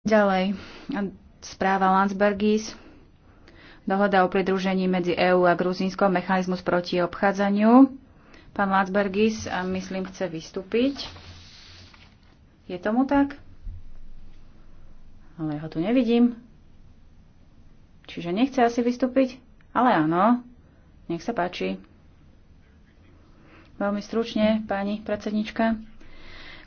Ďalej, správa Landsbergis. Dohoda o pridružení medzi EÚ a Gruzínskom mechanizmus proti obchádzaniu. Pán Landsbergis, myslím, chce vystúpiť. Je tomu tak? Ale ja ho tu nevidím. Čiže nechce asi vystúpiť? Ale áno. Nech sa páči. Veľmi stručne, pani predsednička.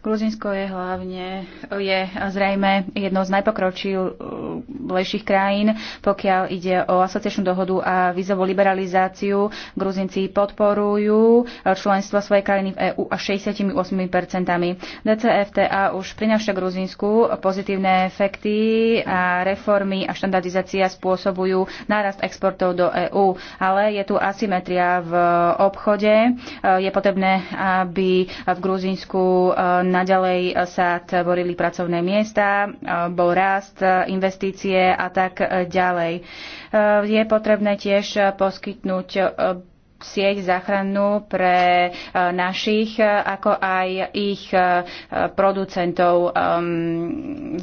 Gruzinsko je hlavne, je zrejme jednou z najpokročilejších krajín, pokiaľ ide o asociačnú dohodu a vízovú liberalizáciu. Gruzinci podporujú členstvo svojej krajiny v EÚ až 68%. DCFTA už prináša Gruzinsku pozitívne efekty a reformy a štandardizácia spôsobujú nárast exportov do EÚ, ale je tu asymetria v obchode. Je potrebné, aby v Gruzinsku eh, naďalej sa tvorili pracovné miesta, bol rast, investície a tak ďalej. Je potrebné tiež poskytnúť sieť záchrannú pre e, našich, e, ako aj ich e, producentov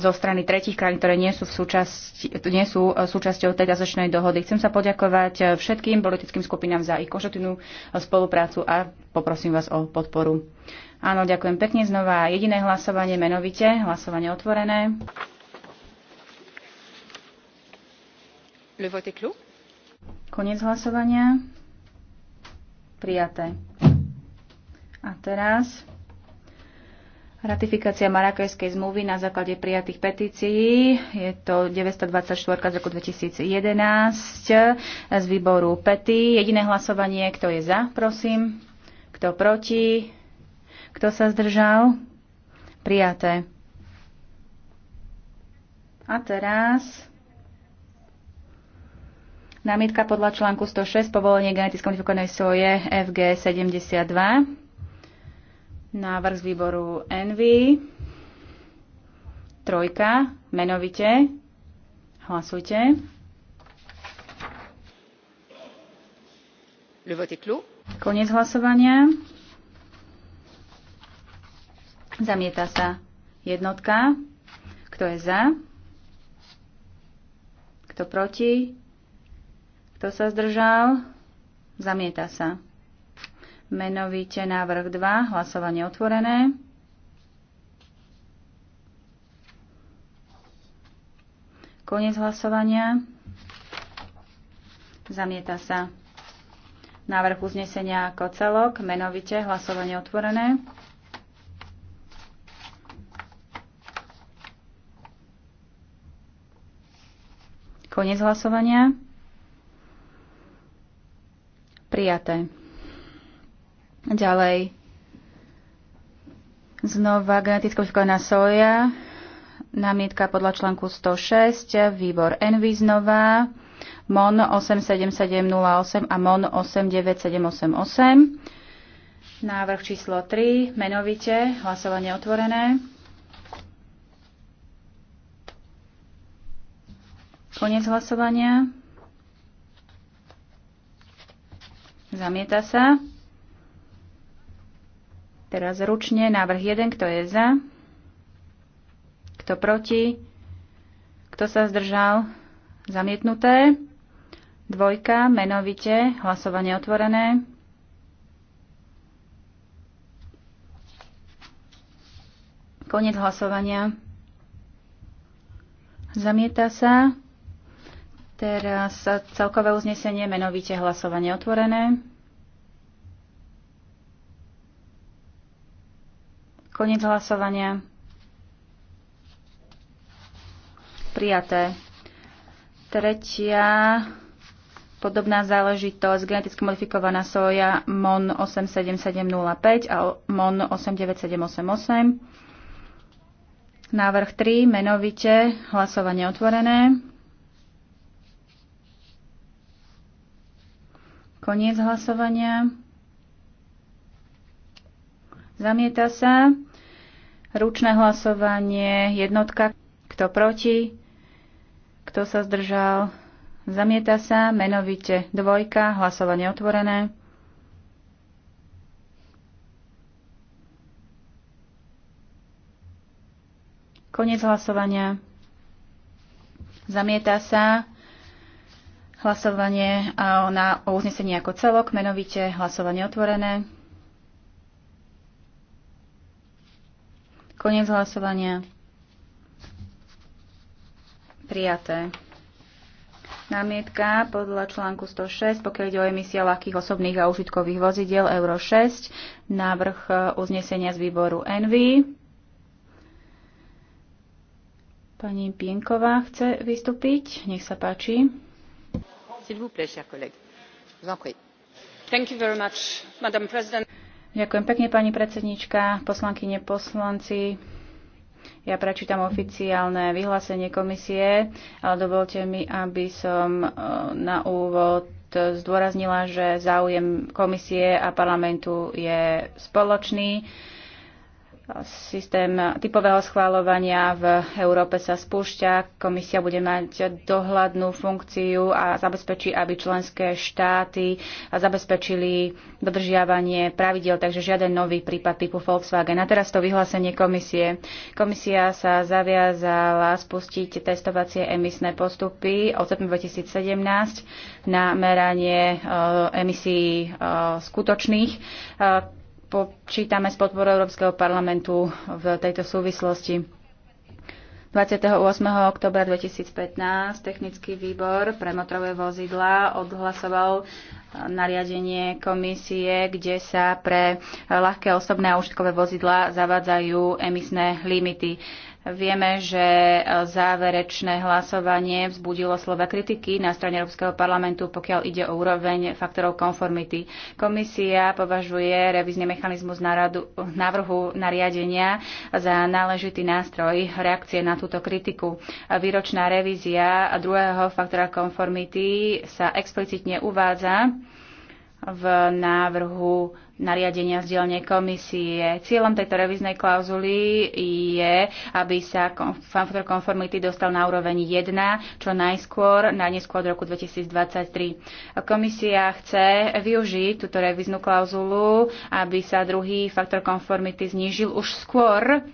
zo strany tretich krajín, ktoré nie sú, v súčasť, nie sú súčasťou tej gazočnej dohody. Chcem sa poďakovať všetkým politickým skupinám za ich konštruktívnu spoluprácu a poprosím vás o podporu. Áno, ďakujem pekne znova. Jediné hlasovanie menovite, hlasovanie otvorené. Le vote est clos. hlasovania prijaté. A teraz ratifikácia Marakejskej zmluvy na základe prijatých petícií. Je to 924 z roku 2011 z výboru PETI. Jediné hlasovanie, kto je za, prosím. Kto proti? Kto sa zdržal? Prijaté. A teraz Námietka podľa článku 106 povolenie geneticky modifikovanej soje FG72. Návrh z výboru NV. Trojka, menovite. Hlasujte. Le vote est clos. Koniec hlasovania. Zamieta sa jednotka. Kto je za? Kto proti? Kto sa zdržal? Zamieta sa. Menovite návrh 2, hlasovanie otvorené. Konec hlasovania. Zamieta sa. Návrh uznesenia ako celok, menovite hlasovanie otvorené. Koniec hlasovania. Prijaté. Ďalej. Znova genetická modifikovaná soja. Námietka podľa článku 106. Výbor Envy znova. MON 87708 a MON 89788. Návrh číslo 3, menovite, hlasovanie otvorené. Konec hlasovania. Zamieta sa. Teraz ručne návrh 1, kto je za, kto proti, kto sa zdržal, zamietnuté. Dvojka, menovite, hlasovanie otvorené. Konec hlasovania. Zamieta sa. Teraz celkové uznesenie, menovite hlasovanie otvorené. Koniec hlasovania. Prijaté. Tretia podobná záležitosť geneticky modifikovaná soja MON 87705 a MON 89788. Návrh 3, menovite, hlasovanie otvorené. Koniec hlasovania. Zamieta sa. Ručné hlasovanie. Jednotka. Kto proti? Kto sa zdržal? Zamieta sa. Menovite. Dvojka. Hlasovanie otvorené. Koniec hlasovania. Zamieta sa hlasovanie na, o uznesení ako celok, menovite hlasovanie otvorené. Koniec hlasovania. Prijaté. Námietka podľa článku 106, pokiaľ ide o emisie ľahkých osobných a užitkových vozidiel Euro 6, návrh e, uznesenia z výboru NV. Pani Pienková chce vystúpiť, nech sa páči. Ďakujem pekne, pani predsedníčka, poslankyne, poslanci. Ja prečítam oficiálne vyhlásenie komisie, ale dovolte mi, aby som e, na úvod zdôraznila, že záujem komisie a parlamentu je spoločný. Systém typového schváľovania v Európe sa spúšťa, komisia bude mať dohľadnú funkciu a zabezpečí, aby členské štáty zabezpečili dodržiavanie pravidel, takže žiaden nový prípad typu Volkswagen. A teraz to vyhlásenie komisie. Komisia sa zaviazala spustiť testovacie emisné postupy od septembra 2017 na meranie e, emisí e, skutočných e, počítame s podporou Európskeho parlamentu v tejto súvislosti. 28. oktobra 2015 technický výbor pre motorové vozidla odhlasoval nariadenie komisie, kde sa pre ľahké osobné a užitkové vozidla zavádzajú emisné limity. Vieme, že e, záverečné hlasovanie vzbudilo slova kritiky na strane Európskeho parlamentu, pokiaľ ide o úroveň faktorov konformity. Komisia považuje revizný mechanizmus náradu, návrhu nariadenia za náležitý nástroj reakcie na túto kritiku. Výročná revízia druhého faktora konformity sa explicitne uvádza v návrhu nariadenia z dielne komisie. Cieľom tejto revíznej klauzuly je, aby sa faktor konformity dostal na úroveň 1, čo najskôr, najneskôr od roku 2023. Komisia chce využiť túto revíznu klauzulu, aby sa druhý faktor konformity znížil už skôr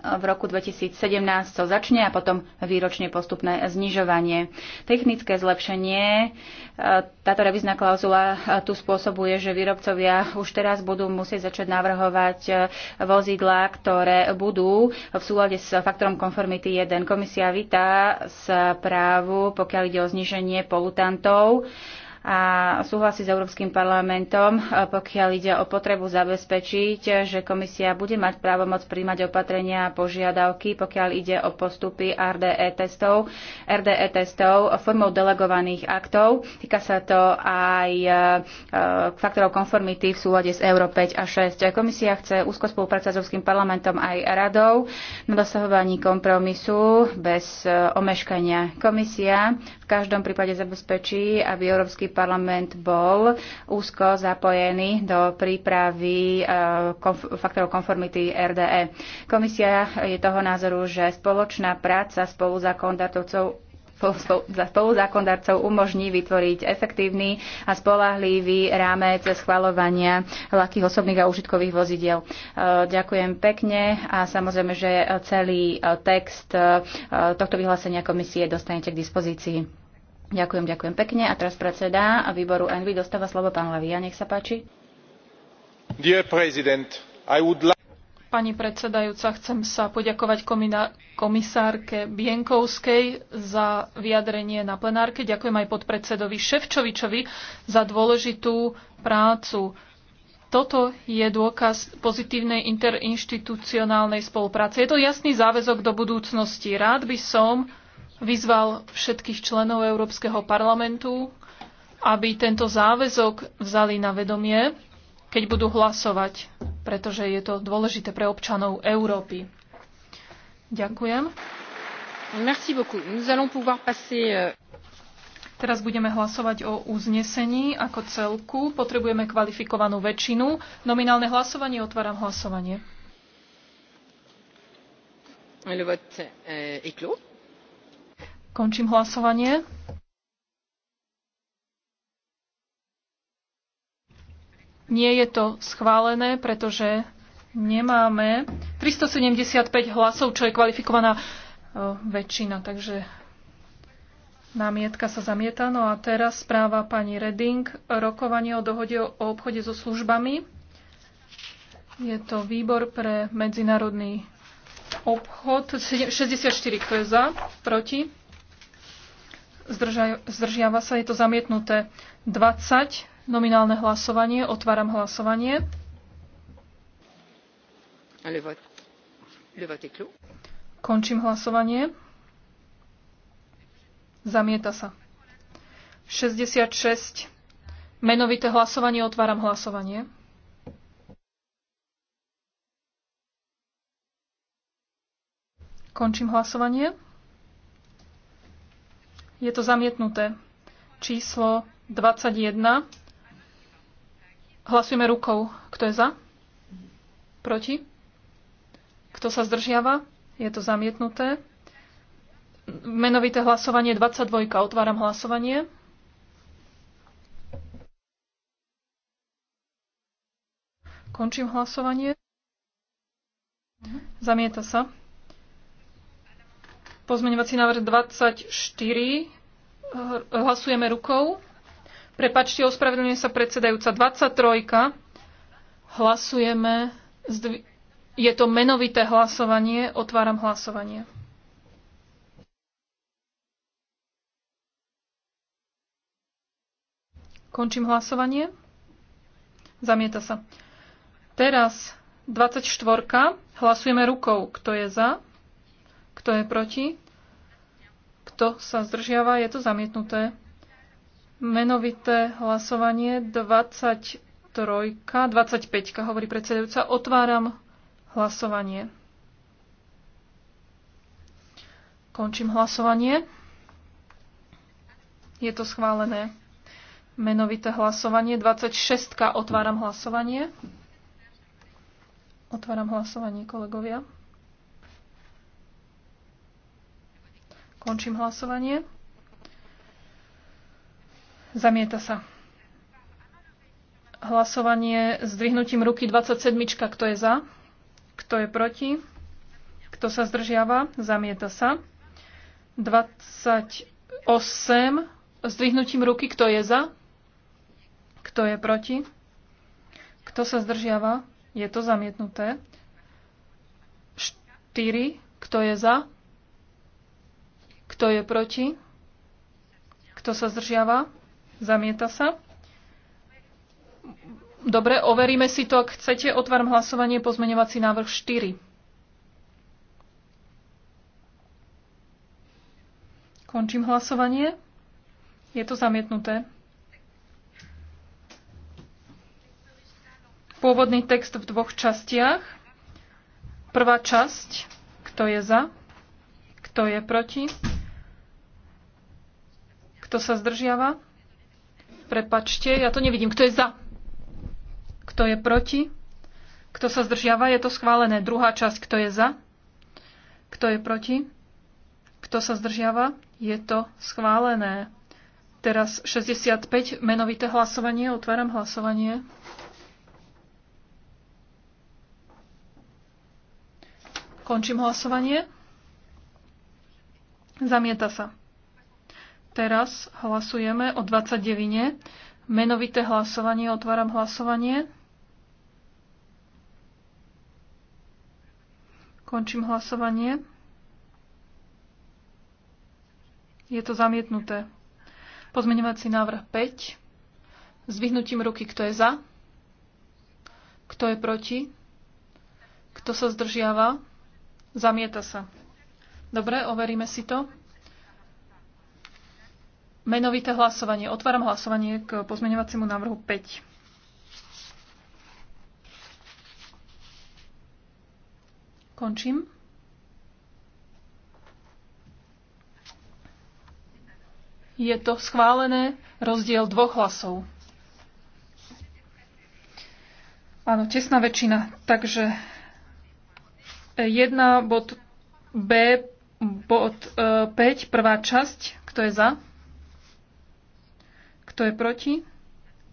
v roku 2017 to začne a potom výročne postupné znižovanie. Technické zlepšenie, e, táto revizná klauzula e, tu spôsobuje, že výrobcovia už teraz budú musieť začať navrhovať e, vozidlá, ktoré budú v súlade s faktorom konformity 1. Komisia vítá správu, pokiaľ ide o zniženie polutantov a súhlasí s Európskym parlamentom, pokiaľ ide o potrebu zabezpečiť, že komisia bude mať právomoc príjmať opatrenia a požiadavky, pokiaľ ide o postupy RDE testov, RDE testov formou delegovaných aktov. Týka sa to aj e, e, faktorov konformity v súlade s Euro 5 a 6. Komisia chce úzko spolupracovať s Európskym parlamentom aj radou na dosahovaní kompromisu bez e, omeškania. Komisia v každom prípade zabezpečí, aby Európsky parlament bol úzko zapojený do prípravy eh, faktorov konformity RDE. Komisia je toho názoru, že spoločná práca spolu za kondartovcov spoluzákondarcov umožní vytvoriť efektívny a spolahlivý rámec schvalovania ľahkých osobných a užitkových vozidiel. Eh, ďakujem pekne a samozrejme, že celý eh, text tohto vyhlásenia komisie dostanete k dispozícii. Ďakujem, ďakujem pekne. A teraz predseda a výboru Envy dostáva slovo pán Lavia. Nech sa páči. Dear president, I would like... Pani predsedajúca, chcem sa poďakovať komisárke Bienkovskej za vyjadrenie na plenárke. Ďakujem aj podpredsedovi Ševčovičovi za dôležitú prácu. Toto je dôkaz pozitívnej interinštitucionálnej spolupráce. Je to jasný záväzok do budúcnosti. Rád by som vyzval všetkých členov Európskeho parlamentu, aby tento záväzok vzali na vedomie, keď budú hlasovať, pretože je to dôležité pre občanov Európy. Ďakujem. Merci beaucoup. Nous allons pouvoir passer... Euh, Teraz budeme hlasovať o uznesení ako celku. Potrebujeme kvalifikovanú väčšinu. Nominálne hlasovanie, otváram hlasovanie. Le vote euh, est clos. Končím hlasovanie. Nie je to schválené, pretože nemáme 375 hlasov, čo je kvalifikovaná e, väčšina. Takže námietka sa zamieta. No a teraz správa pani Reding. Rokovanie o dohode o obchode so službami. Je to výbor pre medzinárodný obchod. 64, kto je za? Proti? zdržaj, zdržiava sa, je to zamietnuté 20, nominálne hlasovanie, otváram hlasovanie. Končím hlasovanie. Zamieta sa. 66. Menovité hlasovanie, otváram hlasovanie. Končím hlasovanie. Je to zamietnuté. Číslo 21. Hlasujeme rukou. Kto je za? Proti? Kto sa zdržiava? Je to zamietnuté. Menovité hlasovanie 22. Otváram hlasovanie. Končím hlasovanie. Zamieta sa. Pozmeňovací návrh 24. Hlasujeme rukou. Prepačte, ospravedlňuje sa predsedajúca 23. Hlasujeme. Je to menovité hlasovanie. Otváram hlasovanie. Končím hlasovanie. Zamieta sa. Teraz 24. Hlasujeme rukou. Kto je za? Kto je proti? Kto sa zdržiava? Je to zamietnuté. Menovité hlasovanie 23, 25, hovorí predsedajúca. Otváram hlasovanie. Končím hlasovanie. Je to schválené. Menovité hlasovanie. 26. Otváram hlasovanie. Otváram hlasovanie, kolegovia. Končím hlasovanie. Zamieta sa. Hlasovanie s dvihnutím ruky 27. Kto je za? Kto je proti? Kto sa zdržiava? Zamieta sa. 28. S dvihnutím ruky. Kto je za? Kto je proti? Kto sa zdržiava? Je to zamietnuté. 4. Kto je za? Kto je proti? Kto sa zdržiava? Zamieta sa. Dobre, overíme si to. Ak chcete, otváram hlasovanie pozmeňovací návrh 4. Končím hlasovanie. Je to zamietnuté. Pôvodný text v dvoch častiach. Prvá časť. Kto je za? Kto je proti? Kto sa zdržiava? Prepačte, ja to nevidím. Kto je za? Kto je proti? Kto sa zdržiava? Je to schválené. Druhá časť. Kto je za? Kto je proti? Kto sa zdržiava? Je to schválené. Teraz 65. Menovité hlasovanie. Otváram hlasovanie. Končím hlasovanie. Zamieta sa. Teraz hlasujeme o 29. Menovité hlasovanie. Otváram hlasovanie. Končím hlasovanie. Je to zamietnuté. Pozmeňovací návrh 5. Zvyhnutím ruky, kto je za, kto je proti, kto sa zdržiava, zamieta sa. Dobre, overíme si to. Menovité hlasovanie. Otváram hlasovanie k pozmeňovaciemu návrhu 5. Končím. Je to schválené rozdiel dvoch hlasov. Áno, tesná väčšina. Takže 1 bod B bod 5, e, prvá časť. Kto je za? Kto je proti?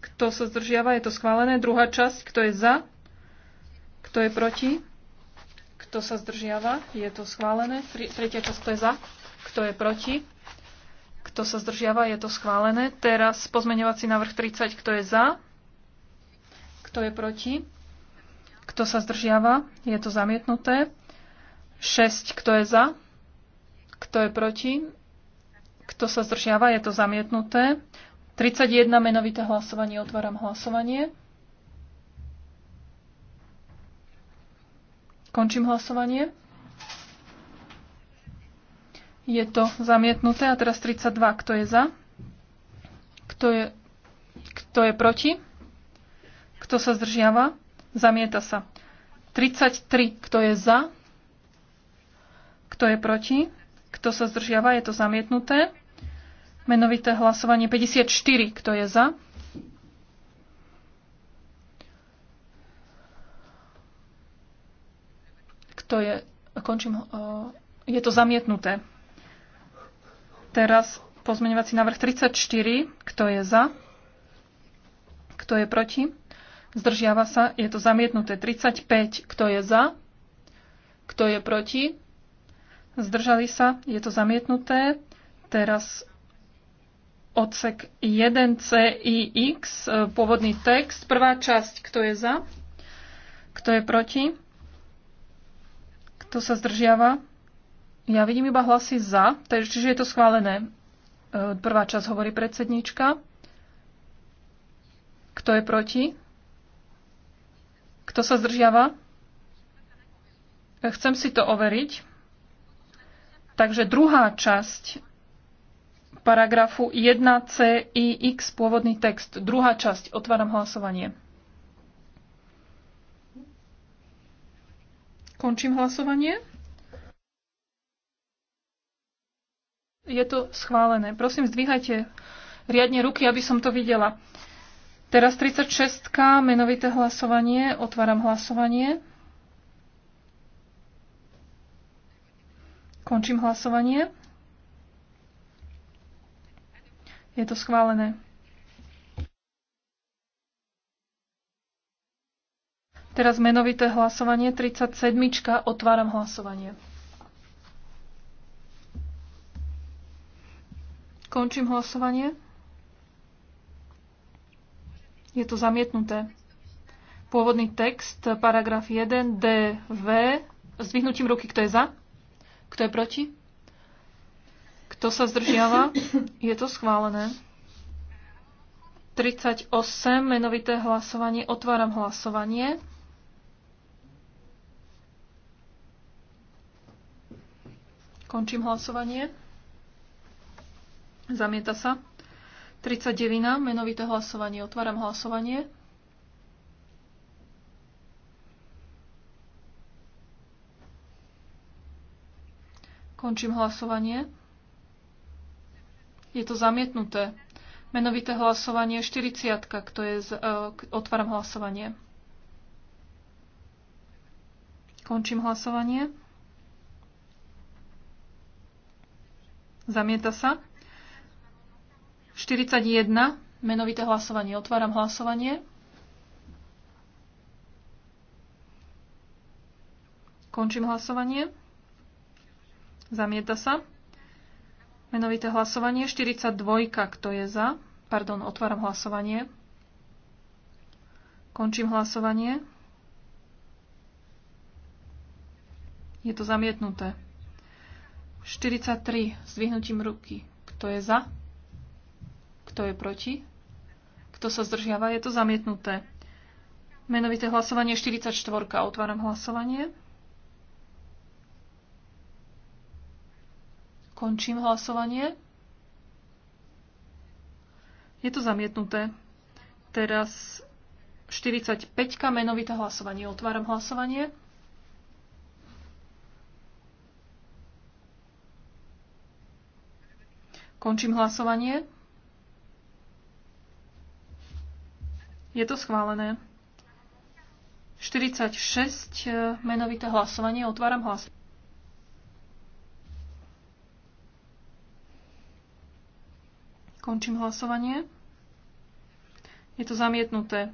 Kto sa zdržiava? Je to schválené. Druhá časť. Kto je za? Kto je proti? Kto sa zdržiava? Je to schválené. Tretia časť. Kto je za? Kto je proti? Kto sa zdržiava? Je to schválené. Teraz pozmeňovací návrh 30. Kto je za? Kto je proti? Kto sa zdržiava? Je to zamietnuté. 6. Kto je za? Kto je proti? Kto sa zdržiava? Je to zamietnuté. 31 menovité hlasovanie. Otváram hlasovanie. Končím hlasovanie. Je to zamietnuté. A teraz 32. Kto je za? Kto je, kto je proti? Kto sa zdržiava? Zamieta sa. 33. Kto je za? Kto je proti? Kto sa zdržiava? Je to zamietnuté. Menovité hlasovanie 54. Kto je za? Kto je... Končím... Je to zamietnuté. Teraz pozmeňovací návrh 34. Kto je za? Kto je proti? Zdržiava sa. Je to zamietnuté. 35. Kto je za? Kto je proti? Zdržali sa. Je to zamietnuté. Teraz odsek 1 CIX, e, pôvodný text. Prvá časť, kto je za, kto je proti, kto sa zdržiava. Ja vidím iba hlasy za, čiže je to schválené. E, prvá časť hovorí predsednička. Kto je proti? Kto sa zdržiava? E, chcem si to overiť. Takže druhá časť paragrafu 1c i x pôvodný text. Druhá časť. Otváram hlasovanie. Končím hlasovanie. Je to schválené. Prosím, zdvíhajte riadne ruky, aby som to videla. Teraz 36. menovité hlasovanie. Otváram hlasovanie. Končím hlasovanie. Je to schválené. Teraz menovité hlasovanie 37. Otváram hlasovanie. Končím hlasovanie. Je to zamietnuté. Pôvodný text, paragraf 1, DV. Zdvihnutím ruky, kto je za? Kto je proti? Kto sa zdržiava? Je to schválené. 38, menovité hlasovanie. Otváram hlasovanie. Končím hlasovanie. Zamieta sa. 39, menovité hlasovanie. Otváram hlasovanie. Končím hlasovanie. Je to zamietnuté. Menovité hlasovanie 40. Kto je z, uh, otváram hlasovanie. Končím hlasovanie. Zamieta sa. 41. Menovité hlasovanie. Otváram hlasovanie. Končím hlasovanie. Zamieta sa. Menovité hlasovanie 42. Kto je za? Pardon, otváram hlasovanie. Končím hlasovanie. Je to zamietnuté. 43. Zdvihnutím ruky. Kto je za? Kto je proti? Kto sa zdržiava? Je to zamietnuté. Menovité hlasovanie 44. Otváram hlasovanie. Končím hlasovanie. Je to zamietnuté. Teraz 45. menovité hlasovanie. Otváram hlasovanie. Končím hlasovanie. Je to schválené. 46. Menovité hlasovanie. Otváram hlasovanie. Končím hlasovanie. Je to zamietnuté.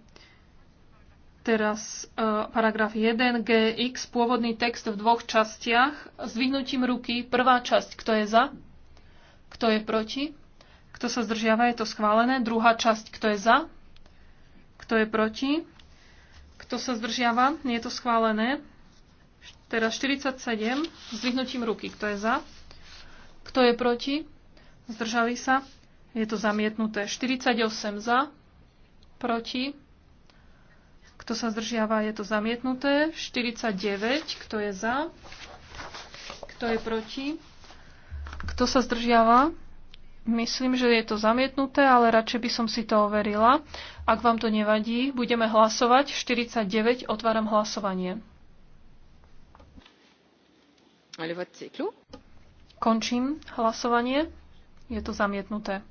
Teraz e, paragraf 1 GX, pôvodný text v dvoch častiach. S vyhnutím ruky prvá časť, kto je za, kto je proti, kto sa zdržiava, je to schválené. Druhá časť, kto je za, kto je proti, kto sa zdržiava, je to schválené. Teraz 47 s vyhnutím ruky, kto je za, kto je proti, zdržali sa, je to zamietnuté. 48 za, proti. Kto sa zdržiava, je to zamietnuté. 49, kto je za, kto je proti. Kto sa zdržiava? Myslím, že je to zamietnuté, ale radšej by som si to overila. Ak vám to nevadí, budeme hlasovať. 49, otváram hlasovanie. Končím hlasovanie. Je to zamietnuté.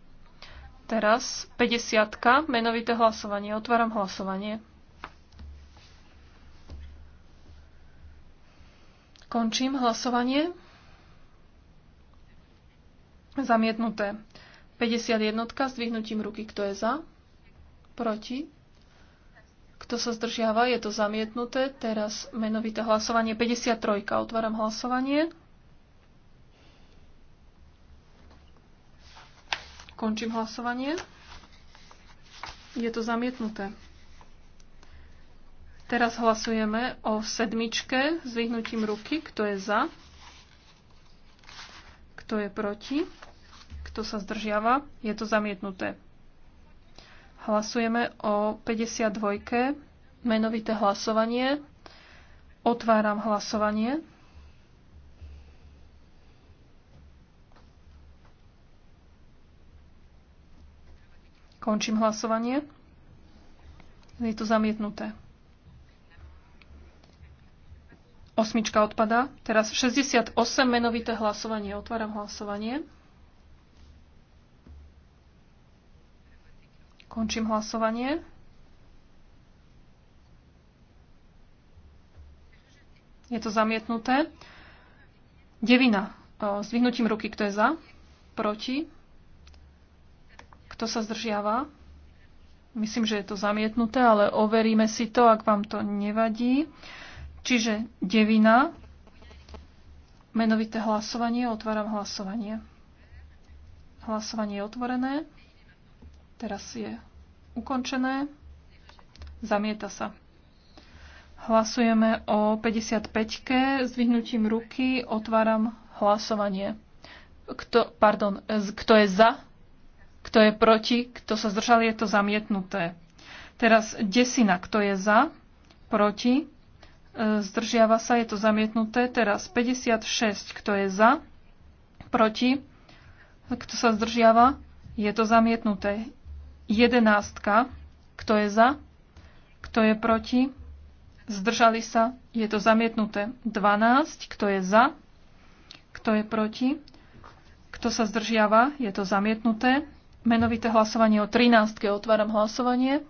Teraz 50. menovité hlasovanie. Otváram hlasovanie. Končím hlasovanie. Zamietnuté. 51. s dvihnutím ruky. Kto je za? Proti? Kto sa zdržiava? Je to zamietnuté. Teraz menovité hlasovanie. 53. Otváram hlasovanie. Končím hlasovanie. Je to zamietnuté. Teraz hlasujeme o sedmičke s vyhnutím ruky. Kto je za? Kto je proti? Kto sa zdržiava? Je to zamietnuté. Hlasujeme o 52. Menovité hlasovanie. Otváram hlasovanie. Končím hlasovanie. Je to zamietnuté. Osmička odpada. Teraz 68 menovité hlasovanie. Otváram hlasovanie. Končím hlasovanie. Je to zamietnuté. Devina. Zdvihnutím ruky, kto je za? Proti? Kto sa zdržiava? Myslím, že je to zamietnuté, ale overíme si to, ak vám to nevadí. Čiže devina. Menovité hlasovanie. Otváram hlasovanie. Hlasovanie je otvorené. Teraz je ukončené. Zamieta sa. Hlasujeme o 55-ke. Zdvihnutím ruky otváram hlasovanie. Kto, pardon, kto je za? Kto je proti? Kto sa zdržal? Je to zamietnuté. Teraz desina. Kto je za? Proti? E, zdržiava sa. Je to zamietnuté. Teraz 56. Kto je za? Proti? Kto sa zdržiava? Je to zamietnuté. Jedenástka. Kto je za? Kto je proti? Zdržali sa. Je to zamietnuté. 12. Kto je za? Kto je proti? Kto sa zdržiava? Je to zamietnuté menovité hlasovanie o 13. Otváram hlasovanie.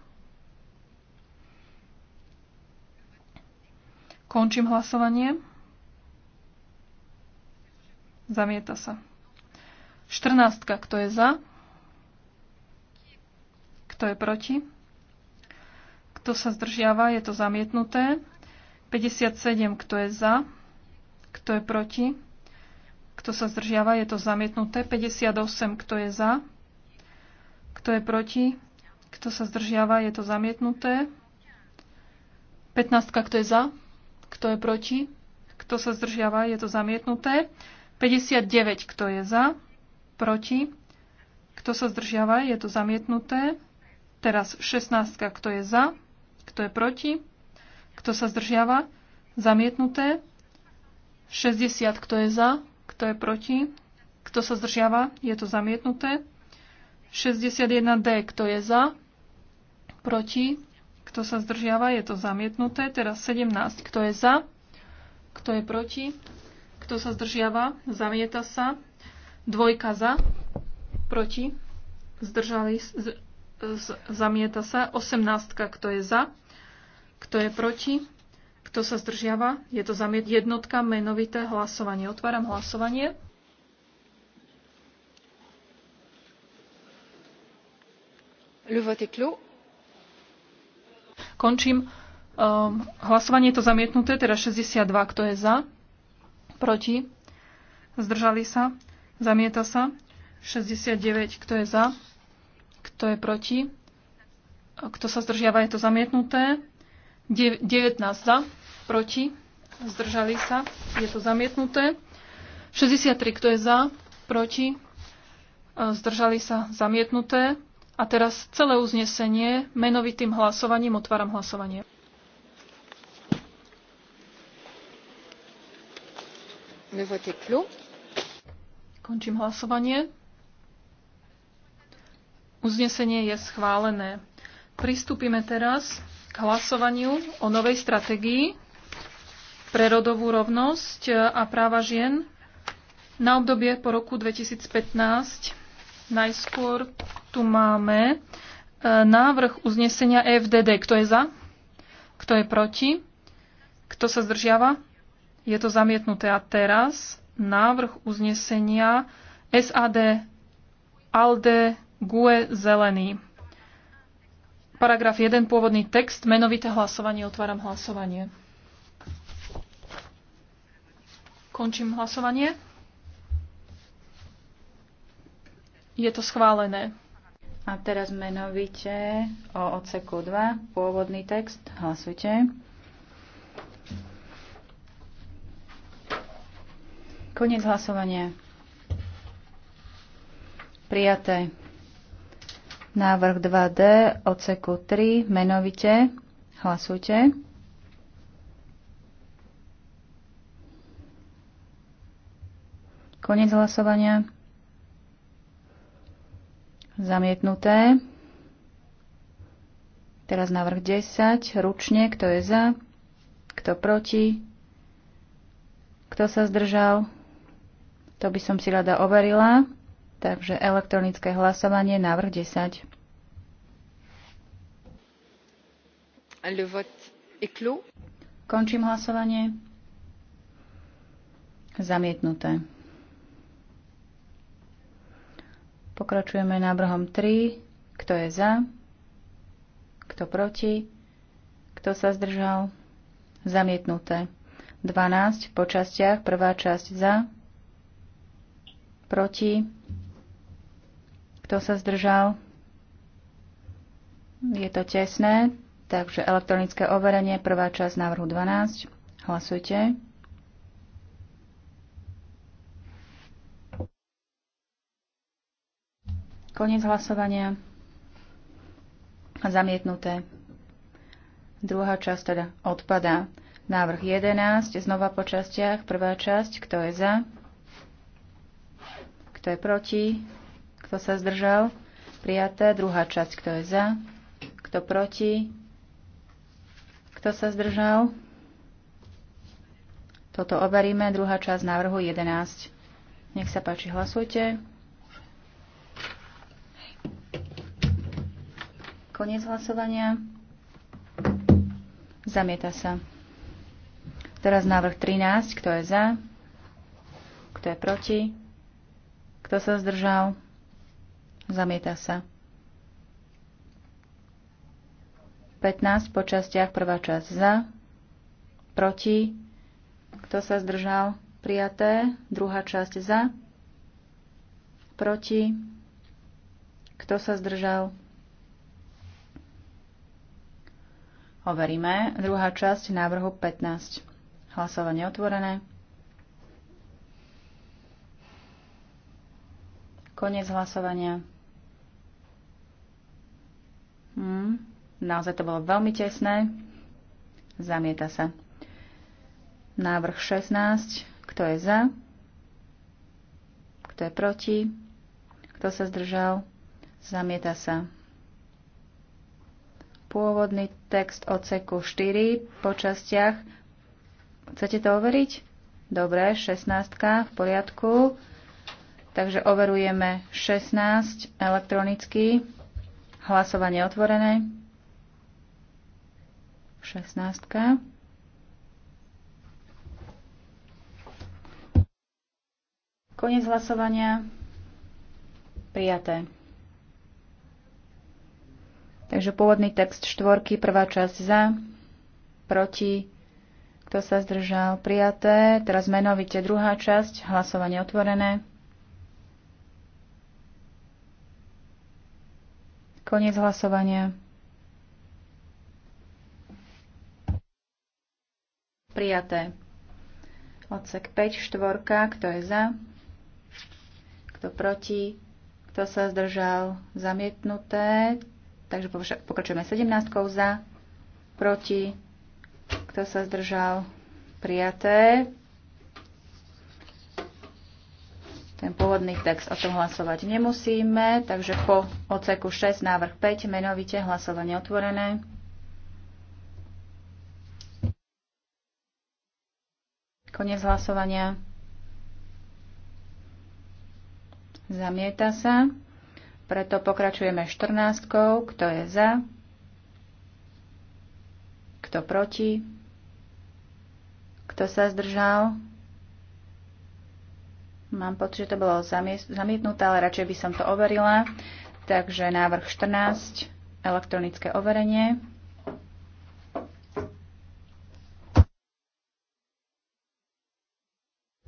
Končím hlasovanie. Zamieta sa. 14. Kto je za? Kto je proti? Kto sa zdržiava? Je to zamietnuté. 57. Kto je za? Kto je proti? Kto sa zdržiava? Je to zamietnuté. 58. Kto je za? Kto je proti? Kto sa zdržiava? Je to zamietnuté. 15. Kto je za? Kto je proti? Kto sa zdržiava? Je to zamietnuté. 59. Kto je za? Proti? Kto sa zdržiava? Je to zamietnuté. Teraz 16. Kto je za? Kto je proti? Kto sa zdržiava? Zamietnuté. 60. Kto je za? Kto je proti? Kto sa zdržiava? Je to zamietnuté. 61D, kto je za, proti, kto sa zdržiava, je to zamietnuté. Teraz 17, kto je za, kto je proti, kto sa zdržiava, zamieta sa. Dvojka za, proti, zdržali, z, z, zamieta sa. 18, kto je za, kto je proti, kto sa zdržiava, je to zamiet jednotka, menovité hlasovanie. Otváram hlasovanie. Le vote est clos. Končím. Um, hlasovanie je to zamietnuté, teda 62, kto je za, proti, zdržali sa, zamieta sa, 69, kto je za, kto je proti, kto sa zdržiava, je to zamietnuté, 19 za, proti, zdržali sa, je to zamietnuté, 63, kto je za, proti, zdržali sa, zamietnuté, a teraz celé uznesenie menovitým hlasovaním otváram hlasovanie. Končím hlasovanie. Uznesenie je schválené. Pristúpime teraz k hlasovaniu o novej strategii pre rodovú rovnosť a práva žien na obdobie po roku 2015. Najskôr tu máme e, návrh uznesenia FDD. Kto je za? Kto je proti? Kto sa zdržiava? Je to zamietnuté. A teraz návrh uznesenia SAD, ALDE, GUE, Zelený. Paragraf 1, pôvodný text, menovité hlasovanie, otváram hlasovanie. Končím hlasovanie. Je to schválené. A teraz menovite o odseku 2, pôvodný text. Hlasujte. Koniec hlasovania. Prijaté. Návrh 2D, odseku 3, menovite. Hlasujte. Koniec hlasovania. Zamietnuté. Teraz návrh 10. Ručne. Kto je za? Kto proti? Kto sa zdržal? To by som si rada overila. Takže elektronické hlasovanie, návrh 10. Le vote clos. Končím hlasovanie. Zamietnuté. Pokračujeme návrhom 3. Kto je za? Kto proti? Kto sa zdržal? Zamietnuté. 12 po častiach. Prvá časť za. Proti. Kto sa zdržal? Je to tesné, takže elektronické overenie, prvá časť návrhu 12. Hlasujte. Koniec hlasovania. Zamietnuté. Druhá časť teda odpadá. Návrh 11, znova po častiach. Prvá časť, kto je za? Kto je proti? Kto sa zdržal? Prijaté. Druhá časť, kto je za? Kto proti? Kto sa zdržal? Toto overíme. Druhá časť návrhu 11. Nech sa páči, hlasujte. Koniec hlasovania. Zamieta sa. Teraz návrh 13. Kto je za? Kto je proti? Kto sa zdržal? Zamieta sa. 15 po častiach, prvá časť za, proti, kto sa zdržal, prijaté, druhá časť za, proti, kto sa zdržal, Overíme. Druhá časť návrhu 15. Hlasovanie otvorené. Konec hlasovania. Hmm. Naozaj to bolo veľmi tesné. Zamieta sa. Návrh 16. Kto je za? Kto je proti? Kto sa zdržal? Zamieta sa pôvodný text odseku 4 po častiach. Chcete to overiť? Dobre, 16 v poriadku. Takže overujeme 16 elektronicky. Hlasovanie otvorené. 16. Koniec hlasovania. Prijaté. Takže pôvodný text štvorky, prvá časť za, proti, kto sa zdržal, prijaté. Teraz menovite druhá časť, hlasovanie otvorené. Koniec hlasovania. Prijaté. Odsek 5, štvorka, kto je za, kto proti, kto sa zdržal, zamietnuté. Takže pokračujeme 17 za, proti, kto sa zdržal, prijaté. Ten pôvodný text o tom hlasovať nemusíme, takže po oceku 6 návrh 5 menovite hlasovanie otvorené. Konec hlasovania. Zamieta sa. Preto pokračujeme 14. Kto je za? Kto proti? Kto sa zdržal? Mám pocit, že to bolo zamietnuté, ale radšej by som to overila. Takže návrh 14, elektronické overenie.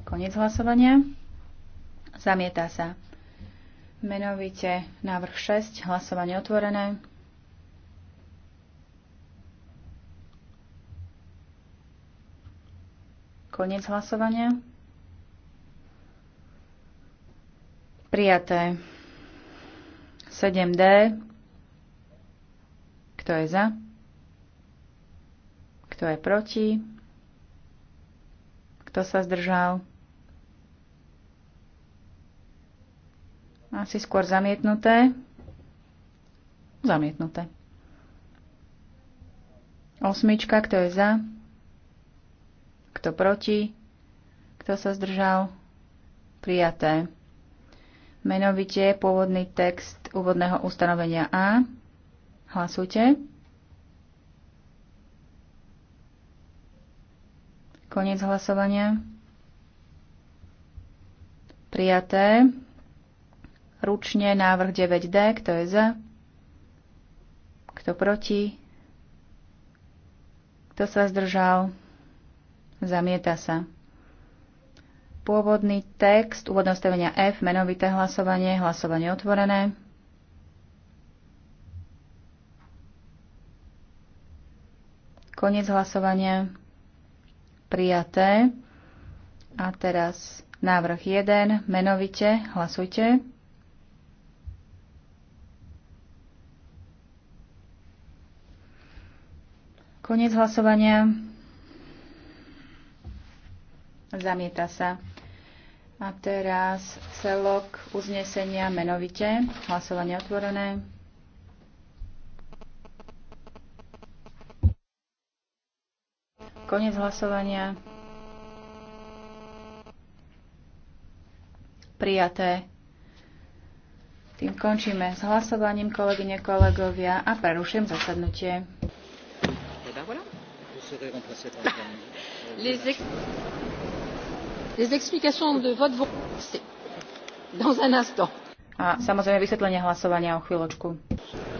Koniec hlasovania. Zamieta sa. Menovite návrh 6, hlasovanie otvorené. Koniec hlasovania. Prijaté. 7D. Kto je za? Kto je proti? Kto sa zdržal? Kto sa zdržal? Asi skôr zamietnuté. Zamietnuté. Osmička, kto je za? Kto proti? Kto sa zdržal? Prijaté. Menovite pôvodný text úvodného ustanovenia A. Hlasujte. Koniec hlasovania. Prijaté ručne návrh 9D, kto je za, kto proti, kto sa zdržal, zamieta sa. Pôvodný text, úvodnostavenia F, menovité hlasovanie, hlasovanie otvorené. Konec hlasovania prijaté. A teraz návrh 1, menovite, hlasujte. Koniec hlasovania. Zamieta sa. A teraz celok uznesenia menovite. Hlasovanie otvorené. Koniec hlasovania. Prijaté. Tým končíme s hlasovaním, kolegyne, kolegovia, a preruším zasadnutie. Euh, les explications de vote vont commencer dans un instant. A samozrejme vysvetlenie hlasovania o chvíľočku.